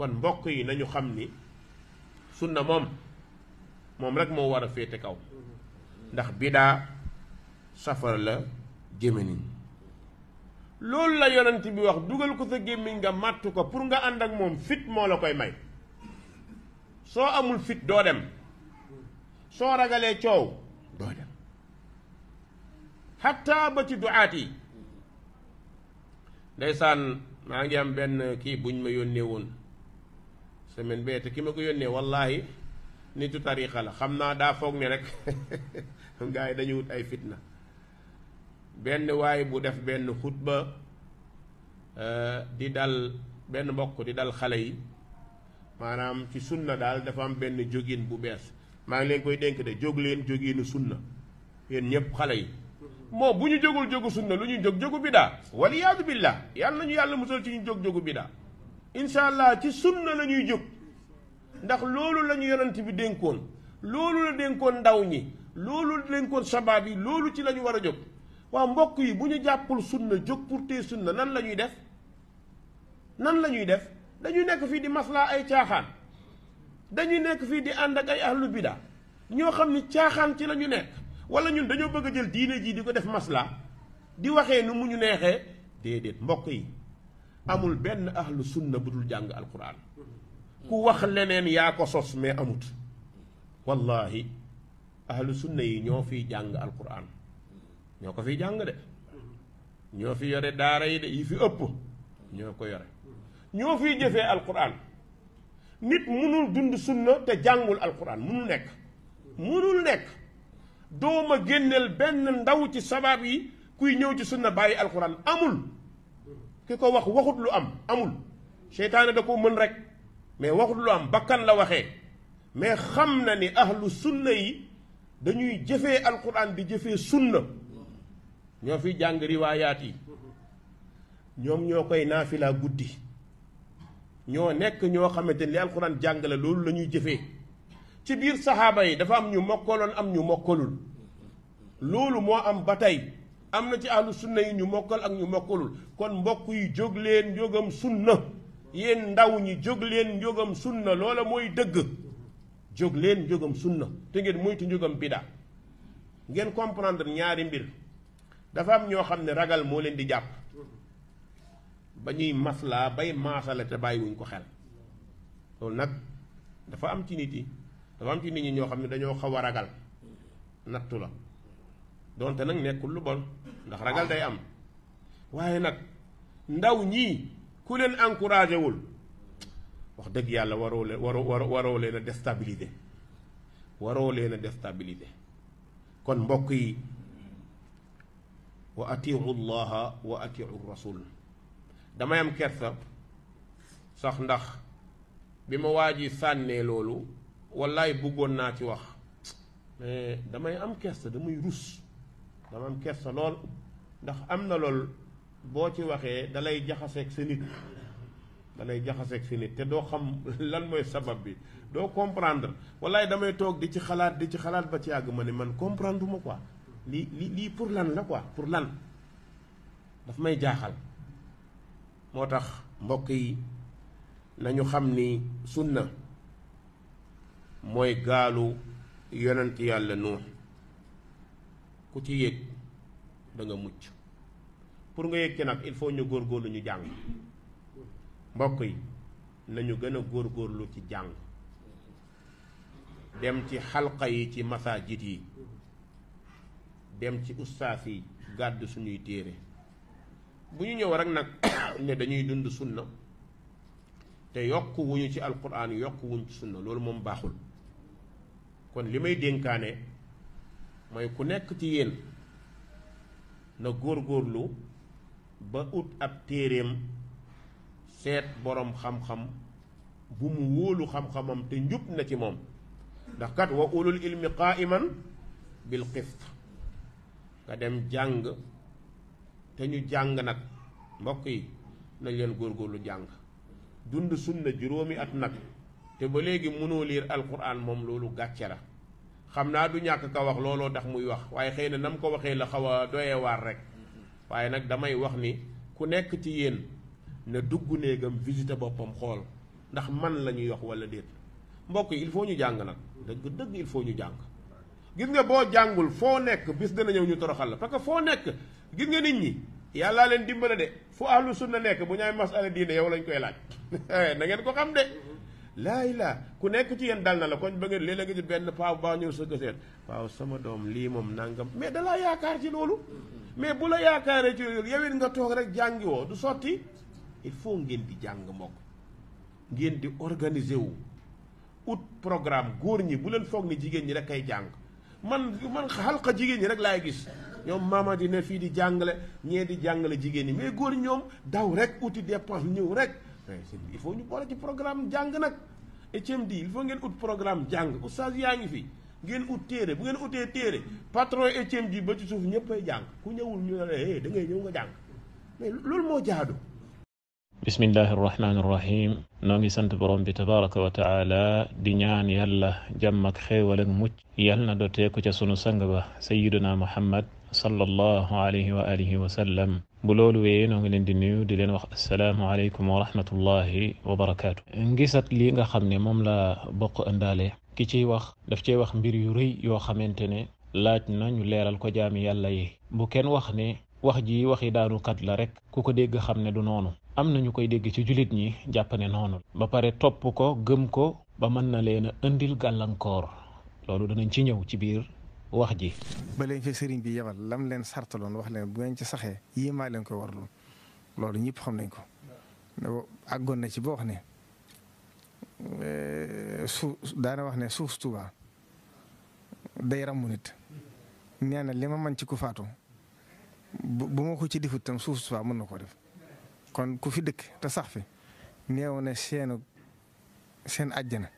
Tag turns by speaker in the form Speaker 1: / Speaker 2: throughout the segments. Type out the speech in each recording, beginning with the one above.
Speaker 1: kon mbokk yi nañu xam ni sunna moom moom rek moo war a féete kaw ndax bidaa safara la gémmiñ loolu la yonent bi wax dugal ko sa gémmiñ nga màtt ko pour nga ànd ak moom fit moo la koy may soo amul fit doo dem soo ragalee coow doo dem xatta ba ci duaat yi ndeysaan maa ngi am benn kii buñ ma yónnee woon semaine te ki ma ko yónnee nit nitu tariqa la xam naa daa foog ne rek gars yi dañu wut ay fitna benn waay bu def benn xutba eh, di dal benn mbokk di dal xale yi maanaam ci sunna daal dafa am benn jógin bu bees maa ngi leen koy dénk de jóg leen jóginu sunna yéen ñëpp xale yi moo bu ñu jógul jógu sunna lu ñu jóg jógu biddaa waliyaadu billah yàlla nañu yàlla musal ci ñu jóg jógu biddaa incha allah ci sunna la ñuy jóg ndax loolu la ñu bi dénkoon loolu la dénkoon ndaw ñi loolu la dénkoon sabaab yi loolu ci la war a jóg waaw mbokk yi bu ñu jàppul sunna jóg pour tey sunna nan la ñuy def nan la ñuy def dañuy nekk fii di maslaa ay caaxaan dañuy nekk fii di ànd ak ay ahlu bida ñoo xam ni caaxaan ci la nekk wala ñun dañoo bëgg a jël diine jii di ko def maslaa di waxee ni mu ñu neexee déedéet mbokk yi amul benn ahlu sunna bu dul jàng alquran ku wax leneen yaa ko sos mais amut wallahi ahlu sunna yi ñoo fiy jàng alquran ñoo ko fiy jàng de ñoo fi yore daara yi de yi fi ëpp ñoo ko yore ñoo fiy jëfee alquran nit munul dund sunna te jàngul alquran munul nekk munul nekk dooma génnel benn ndaw ci sabab yi kuy ñëw ci sunna bàyyi alquran amul ki ko wax waxut lu am amul seytaane da ko mën rek mais waxut lu am bakkan la waxe mais xam na ni ahlu sunna yi dañuy jëfe alquran di jëfee sunna ñoo fi jàng riwaayaat yi ñoom ñoo koy naafila guddi ñoo nekk ñoo xamante ni li alquran jàngale loolu la ñuy jëfee ci biir saxaaba yi dafa am ñu mokkaloon am ñu mokkalul loolu moo am ba tey am na ci ahlu sunna yi ñu mokkal ak ñu mokkalul kon mbokk yi jóg leen jógam sunna yéen ndaw ñi jóg leen jógam sunna loola mooy dëgg jóg leen jógam sunna te ngeen moytu jógam bida ngeen comprendre ñaari mbir dafa am ñoo xam ne ragal moo leen di jàpp ba ñuy maslaa bay maasale te bàyyiwuñ ko xel loolu nag dafa am ci nit yi dafa am ci nit ñi ñoo xam ne dañoo xaw a ragal nattu la donte nak nekkul lu bon ndax ragal day am waye nak ndaw ñi ku len encourager wul wax deug yàlla waro leen waro waroo leen a déstabiliser waro le na déstabiliser kon mbok yi wa atiu allah wa atiu rasul dama am kersa sax ndax bima waji waa lolou wallahi bëggon na ci wax mais damay am kersa damay rus dama am kersa lool ndax am na lool boo ci waxee dalay jaxaseeg sa nit dalay jaxaseeg sa nit te doo xam lan mooy sabab bi doo comprendre wallaay damay toog di ci xalaat di ci xalaat ba ci àgg ma ne man comprendre ma ko lii lii pour lan la ko pour lan daf may jaaxal moo tax mbokk yi nañu xam ni sunna mooy gaalu yonent yàlla nuux ku ci yéeg da mucc pour nga yéeg ci nag il faut ñu góorgóorlu ñu jàng mbokk yi nañu gën a góorlu ci jàng dem ci xalqa yi ci jiit yi dem ci ustaas yi gàdd suñuy téere bu ñu ñëw rek nag ne dañuy dund sunna te yokk wuñu ci alquran yokk wuñ ci sunna loolu moom baaxul kon li may dénkaane mooy ku nekk ci yéen na góor góorlu ba ut ab téeréem seet boroom xam-xam bu mu wóolu xam-xamam te njub na ci moom ndax kat wa ulul ilmi qaa'iman bil qist nga dem jàng te ñu jàng nag mbokk yi nañ leen góorgóorlu jàng dund sunna juróomi at nag te ba léegi mënoo liir alquran moom loolu gàcce la xam naa du ñàkk ka wax looloo tax muy wax waaye xëy na na mu ko waxee la xaw a doyee waar rek waaye nag damay wax ni ku nekk ci yéen ne dugg néegam visiter boppam xool ndax man la ñuy wax wala déet mbokk yi il faut ñu jàng nag dëgg dëgg il faut ñu jàng gis nga boo jàngul foo nekk bis dana ñëw ñu toroxal la parce que foo nekk gis nga nit ñi yàllaa leen dimbale de fu ahlu sunna nekk bu ñu ay masala diine yow lañ koy laaj eh, na ngeen ko xam de laay laa ku nekk ci yéen dal na la koñ ba ngeen léeg-léeg gis benn paaw baa ñëw sa gëseet waaw sama doom lii moom nangam mais dalaa yaakaar ci loolu mais bu la yaakaaree ci loolu yow nga toog rek jàngi woo du sotti il faut ngeen di jàng mbokk ngeen di organiser wu ut programme góor ñi bu leen foog ni jigéen ñi rek ay jàng man man xalqa jigéen ñi rek laay gis ñoom maama di ne fii di jàngale ñee di jàngale jigéen ñi mais góor ñoom daw rek uti dépense ñëw rek il faut ñu boole programme jàng nag Etienne programme jàng oustaz yaa ngi fi bu ngeen utee téere patron Etienne di ku ñëwul ñu ne eh, da ngay ñëw
Speaker 2: bismillahi irrahmaani irrahim noo ngi sant borom bi tabaraka wa di ñaan yàlla jàmm ak xéewal ak mucc na doteeku ca sunu sang ba sayyiduna muhammad صلى الله عليه وآله وسلم بلولو وين غلين دي نيو السلام عليكم ورحمه الله وبركاته انغيسات ليغا خامني موم لا بوك اندالي كي تي واخ دا في تي يو ري لا ريك كوكو ديغا خامني دو نونو am nañu koy dégg ci julit ñi jàppane noonu ba pare topp ko gëm ko ba mën na leen a indil gàllankoor loolu danañ wax ji.
Speaker 3: ba leen sëriñ bi yebal lam leen sartaloon wax leen bu ngeen ci saxee yii maa ko koy waraloon loolu ñëpp xam nañ ko. àggoon na ci boo wax ne eh, suuf daana wax ne suuf Tuubaa day ràmmu nit. nee na li ma ci ku faatu bu ma ko ci defut tam suuf Tuubaa mën na koo def kon ku fi dëkk te sax fi neew na seenu seen àjjana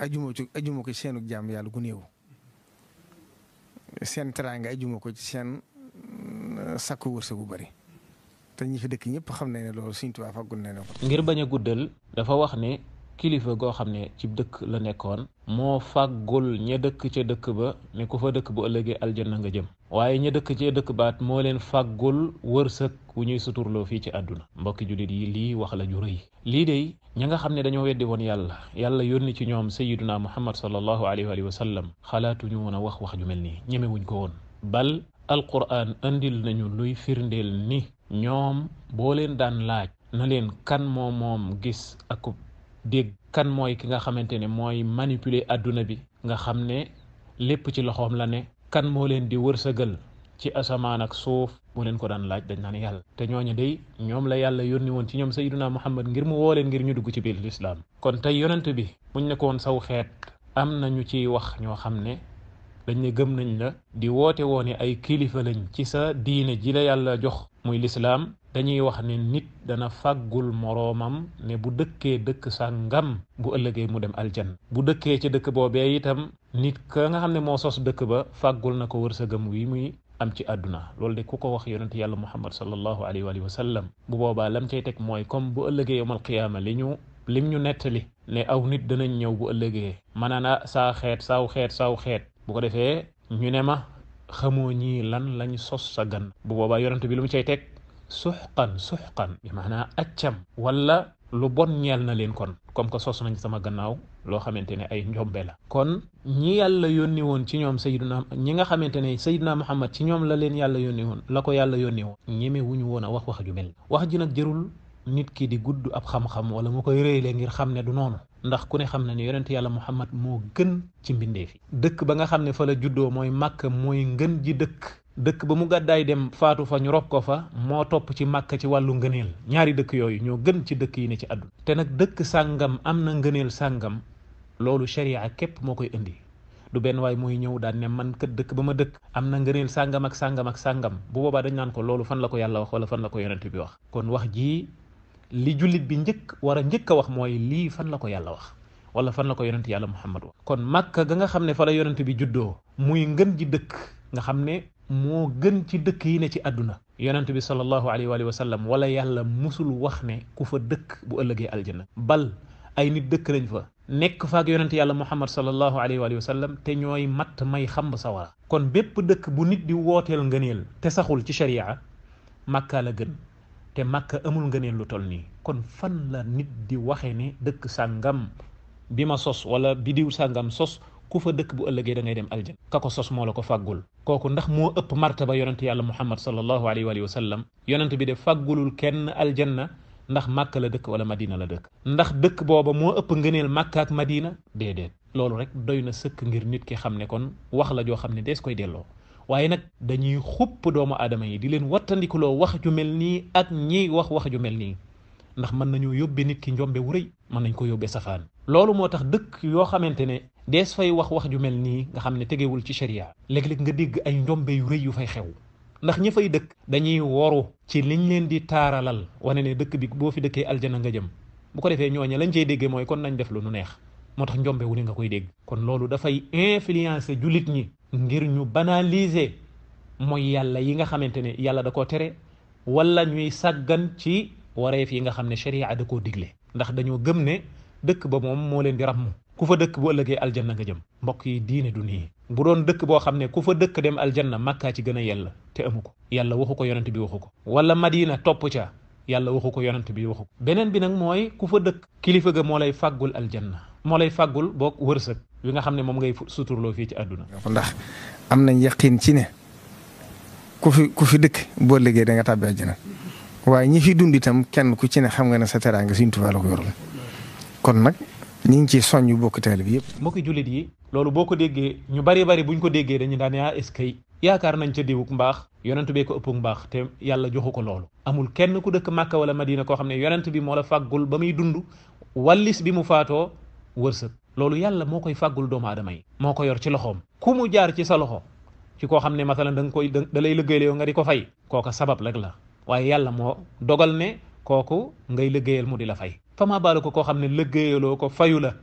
Speaker 3: ajuma ci ajuma ko seenu jaam yàlla gu néew. sen teranga aju mako ci sen mm, sakku wërse gu bari te ñi fi dëkk ñëpp xam nañ ne loolu suñ tubaab fagul ne ne ko
Speaker 2: ngir bañ a guddal dafa wax ne kilifa goo xam ne ci dëkk la nekkoon moo fàggul ña dëkk ca dëkk ba ne ku fa dëkk bu ëllëgee aljanna nga jëm waaye ña dëkk cee dëkk baat moo leen fàggul wërsëg wu ñuy suturloo fii ci àdduna mbokki jullit yi lii wax la ju rëy lii de ña nga xam ne dañoo weddi woon yàlla yàlla yónni ci ñoom sayyiduna muhammad sallallahu alayhi wa sallam xalaatuñu woon a wax wax ju mel nii ñemewuñ ko woon bal alquran andil nañu luy firndeel ni ñoom boo leen daan laaj na leen kan moo moom gis akub dégg kan mooy ki nga xamante ne mooy manipulé àdduna bi nga xam ne lépp ci loxoom la ne kan moo leen di wërsëgal ci asamaan ak suuf boo leen ko daan laaj dañ naan yàlla te ñooñu day ñoom la yàlla yónni woon ci ñoom sayyiduna muhammad ngir mu woo leen ngir ñu dugg ci biir lislaam kon tey yonent bi buñ nekkoon saw xeet am na ñu ciy wax ñoo xam ne dañ ne gëm nañ la di woote woone ay kilifa lañ ci sa diine ji la yàlla jox muy lislaam dañuy wax ne nit dana fàggul moroomam ne bu dëkkee dëkk sàngam bu ëllëgee mu dem aljan bu dëkkee ci dëkk boobee itam nit ka nga xam ne moo sos dëkk ba fàggul na ko wërsëgam wi muy am ci àdduna loolu de ku ko wax yonent yàlla muhammad sallallahu alayhi wa sallam bu boobaa lam cay teg mooy comme bu ëllëgee yowmal qiyaama li ñu lim ñu nettali ne aw nit danañ ñëw bu ëllëgee maanaana saa xeet saw xeet saw xeet bu ko defee ñu ne ma xamoo ñii lan lañ sos sa gan bu boobaa yonent bi lu mu cay teg suxqan suxqan bi maanaa accam wala lu bon ñeel na leen kon comme que sos nañ sama gannaaw loo xamante ne ay njombe la kon ñi yàlla yónni woon ci ñoom sayyiduna ñi nga xamante ne sayyiduna Muhammad ci ñoom la leen yàlla yónni woon la ko yàlla yónni woon ñeme wuñu woon a wax wax ju mel wax ji nag jërul nit ki di gudd ab xam-xam wala mu koy rëyle ngir xam ne du noonu ndax ku ne xam na ni yonent yàlla muhammad moo gën ci mbindee fi dëkk ba nga xam ne fa la juddoo mooy màkk mooy ngën ji dëkk dëkk ba mu gàddaay dem faatu fa ñu rob ko fa moo topp ci màkk ci wàllu ngëneel ñaari dëkk yooyu ñoo gën ci dëkk yi ne ci àdduna te nag dëkk sàngam am na ngëneel sàngam loolu sharia képp moo koy indi du benn waay muy ñëw daan ne man kët dëkk ba ma dëkk am na ngëneel sàngam ak sàngam ak sàngam bu boobaa dañ naan ko loolu fan la ko yàlla wax wala fan la ko yonent bi wax kon wax jii li julit bi njëkk war a njëkk a wax mooy lii fan la ko yàlla wax wala fan la ko yonent yàlla muhammad wax kon màkka ga nga xam ne fa la yonent bi juddoo muy ngën ji dëkk nga xam ne moo gën ci dëkk yi ne ci àdduna yonent bi sallallahu alayhi wa sallam wala yàlla musul wax ne ku fa dëkk bu ëllëgee aljana bal ay nit dëkk nañ fa nekk ak yonent yàlla muhammad sallallahu alayhi wa sallam te ñooy matt may sa sawara kon bépp dëkk bu nit di wooteel ngëneel te saxul ci sharia makka la gën te makka amul ngeneen lu toll nii kon fan la nit di waxe ne dëkk sàngam bi ma sos wala bi diw sàngam sos ku fa dëkk bu ëllëgee da ngay dem aljana ka ko sos moo la ko fàggul kooku ndax moo ëpp martaba yonent yàlla muhammad sallallahu alayhi wa sallam yonent bi de fàggulul kenn aljanna ndax màkka la dëkk wala madina la dëkk ndax dëkk booba moo ëpp ngëneel màkka ak madina déedéet loolu rek doy na sëkk ngir nit ki xam ne kon wax la joo xam ne dees koy delloo waye nak dañuy xupp doomu adama yi di leen wattandikuloo wax ju melni ak ñi wax wax ju melni ndax man nañu yobbe nit ki njombe wu reuy man nañ ko yobbe safaan lolu motax dëkk yo xamantene des fay wax wax ju melni nga xamne tegeewul ci sharia leg leg nga deg ay njombe yu reuy yu fay xew ndax ñi fay dëkk dañuy woru ci liñ leen di taralal wane ne dëkk bi bo fi dekké aljana nga jëm bu ko defé ñoña lañ cey déggé moy kon nañ def lu nu neex motax tax njombe wu ne nga koy dégg kon lolu da fay influencer julit ñi ngir ñu banaliser mooy yàlla yi nga xamante ne yàlla da koo tere wala ñuy sàggan ci wareef yi nga xam ne sharia da koo digle ndax dañoo gëm ne dëkk ba moom moo leen di ràmm ku fa dëkk bu ëllëgee aljanna nga jëm mbokk yi diine du bu doon dëkk boo xam ne ku fa dëkk dem aljanna makkaa ci gën a yella te amu ko yàlla waxu ko yonent bi waxu ko wala madina topp ca yàlla waxu ko yonent bi waxu ko beneen bi nag mooy ku fa dëkk kilifa ga moo lay fàggul aljanna moo lay fàggul boog wërsëg bi nga xam ne moom ngay suturloo fii ci àdduna.
Speaker 3: ndax am nañ yaqin ci ne ku fi ku fi dëkk boo liggéey da nga tàbbi àjjana waaye ñi fi dund itam kenn ku ci ne xam nga ne sa teraanga Sëriñ Tuubaa la ko yorul kon nag ñu ngi ciy soññ bokk teel bi yëpp.
Speaker 2: mbokki jullit yi loolu boo ko déggee ñu bari bari buñ ko déggee dañu daan yaa ah, eskay yaakaar nañ ca diwuk mbaax yonent bee ko ëppuk mbaax te yàlla joxu ko loolu amul kenn ku dëkk Màkka wala Madina koo xam ne yonent bi moo la fàggul ba muy dund wallis bi mu faatoo wërsëg loolu yàlla mo koy fagul doomu adamay mo koy yor ci loxom ku mu jaar ci sa loxo ci ko xamne masalan koy dalay lay yow nga diko fay kooka sabab rek la waye yàlla mo dogal ne koku ngay liggéeyal mu di la fay fama baluko ko xamne xam ko fayula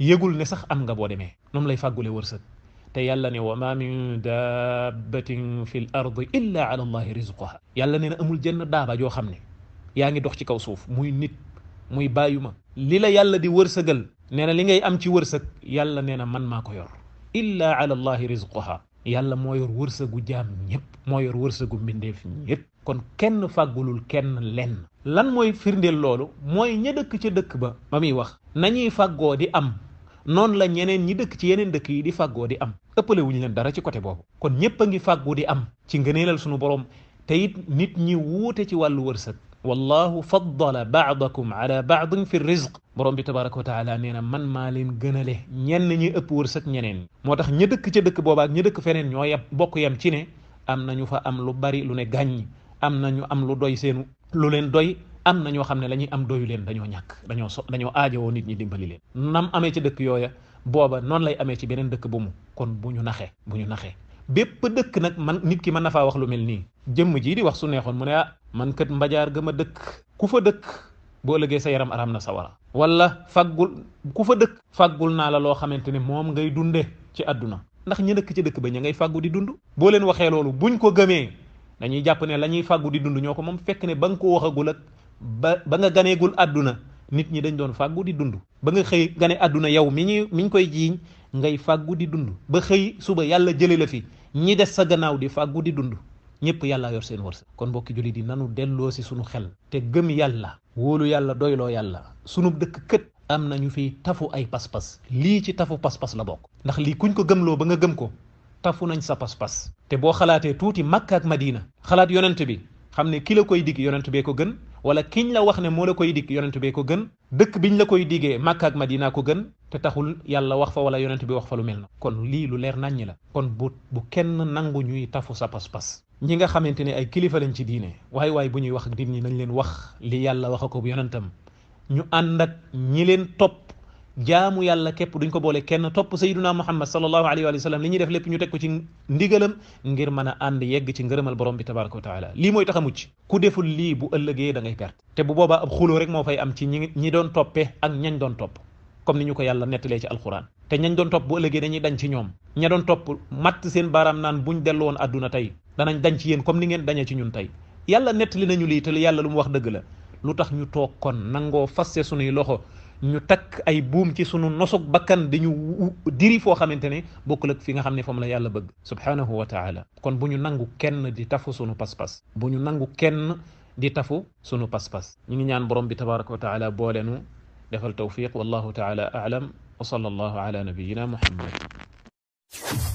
Speaker 2: yëgul ne sax am nga bo deme noonu lay fagulé wërsëg te yàlla ne wa ma min dabbatin fil ardi illa ala allah rizqaha yàlla ne na amul jenn daaba jo xamne yaangi dox ci kaw suuf muy nit muy bayuma lila yàlla di wërsëgal nee na li ngay am ci wërsëg yàlla nee na man maa ko yor illa ala allahi rizquha yàlla moo yor wërsëgu jaam ñëpp moo yor wërsëgu mbindeef ñëpp kon kenn fàggulul kenn lenn lan mooy firndeel loolu mooy ña dëkk ca dëkk ba ba muy wax nañuy fàggoo di am noonu la ñeneen ñi dëkk ci yeneen dëkk yi di fàggoo di am ëppale wuñu leen dara ci côté boobu kon ñëpp a ngi fàggu di am ci ngëneelal sunu borom te it nit ñi wuute ci wàllu wërsëg والله فضل بعضكم على بعض في الرزق بروم بي تبارك وتعالى نينا من مالين غنله نين ني اوب ورسك نينن موتاخ ني دك تي دك بوبا ني دك فنن ньо ياب بوك يام تي ني ام نانيو فا ام لو باري لو ني غاني ام نانيو ام لو دوي سينو لو لين دوي ام نانيو خامني لا ني ام دوي لين دانيو نياك دانيو سو دانيو اديو نيت ني ديمبالي لين نام امي تي دك يويا بوبا نون لاي امي تي بنين دك بومو كون بونيو ناخي بونيو ناخي بيب دك نك من نيت كي من نافا واخ لو ملني جيم جي دي واخ سو نيهون مونيا man kat mbajaar ga ma dëkk ku fa dëkk boo legee sa yaram aram na sawara wala faggul ku fa dëkk faggul naa la loo xamante ne moom ngay dunde ci àdduna ndax ña dëkk ci dëkk ba ña ngay fàggu di dund boo leen waxee loolu buñ ko gëmee dañuy jàpp ne la ñuy fàggu di dund ñoo ko moom fekk ne ba nga ko waxagul ak ba ba nga ganeegul àdduna nit ñi dañ doon fàggu di dund ba nga xëy gane àdduna yow mi ñuy mi ñu koy jiiñ ngay fàggu di dund ba xëy suba yàlla jële la fi ñi des sa gannaaw di fàggu di dund ñëpp yàlla yor seen wërsëg kon mbokki jullit di nanu delloo si sunu xel te gëm yàlla wóolu yàlla doyloo yàlla sunub dëkk kët am na ñu fiy tafu ay pas-pas lii ci tafu pas-pas la bokk ndax lii kuñ ko gëmloo ba nga gëm ko tafu nañ sa pas-pas te boo xalaatee tuuti Makka ak Madina xalaat yonent bi xam ne ki la koy digg yonent bee ko gën wala kiñ la wax ne moo la koy dig yonent bee ko gën dëkk biñ la koy digee Makka ma Madina ko gën te taxul yàlla wax fa wala yonent bi wax fa lu mel na kon lii lu leer naññi la kon bu bu kenn nangu ñuy tafu sa pas-pas ñi nga xamante ne ay kilifa lañ ci diine waaye waaye bu ñuy wax ak nit ñi nañ leen wax li yàlla wax ko bu yonentam ñu ànd ak ñi leen topp jaamu yàlla képp duñ ko boole kenn topp sayyiduna muhammad sallallahu alayhi wa sallam li ñuy def lépp ñu teg ko ci ndigalam ngir mën a ànd yegg ci ngërëmal borom bi tabaraka wa taala lii mooy tax a mucc ku deful lii bu ëllëgee da ngay perte te bu boobaa xuloo rek moo fay am ci ñi ñi doon toppee ak ñañ doon topp comme ni ñu ko yàlla nettalee ci alquran te ñañ doon topp bu ëllëgee dañuy dañ ci ñoom ña doon topp matt seen baaraam naan buñ dellu woon adduna tey danañ dañ ci yéen comme ni ngeen dañee ci ñun tey yàlla nettali nañu lii te lu mu wax dëgg la lu tax ñu toog kon nangoo fasse sunuy loxo ñu takk ay buum ci sunu nosug bakkan di ñu diri foo xamante ne bokkul ak fi nga xam ne foom la yàlla bëgg subhanahu wa taala kon bu ñu nangu kenn di tafu sunu pas-pas ñu nangu kenn di tafu sunu pas-pas ngi ñaan borom bi tabaraka wa taala boolenu defal tawfiq wallahu taala aalam wa sallallahu ala nabiyina muhammad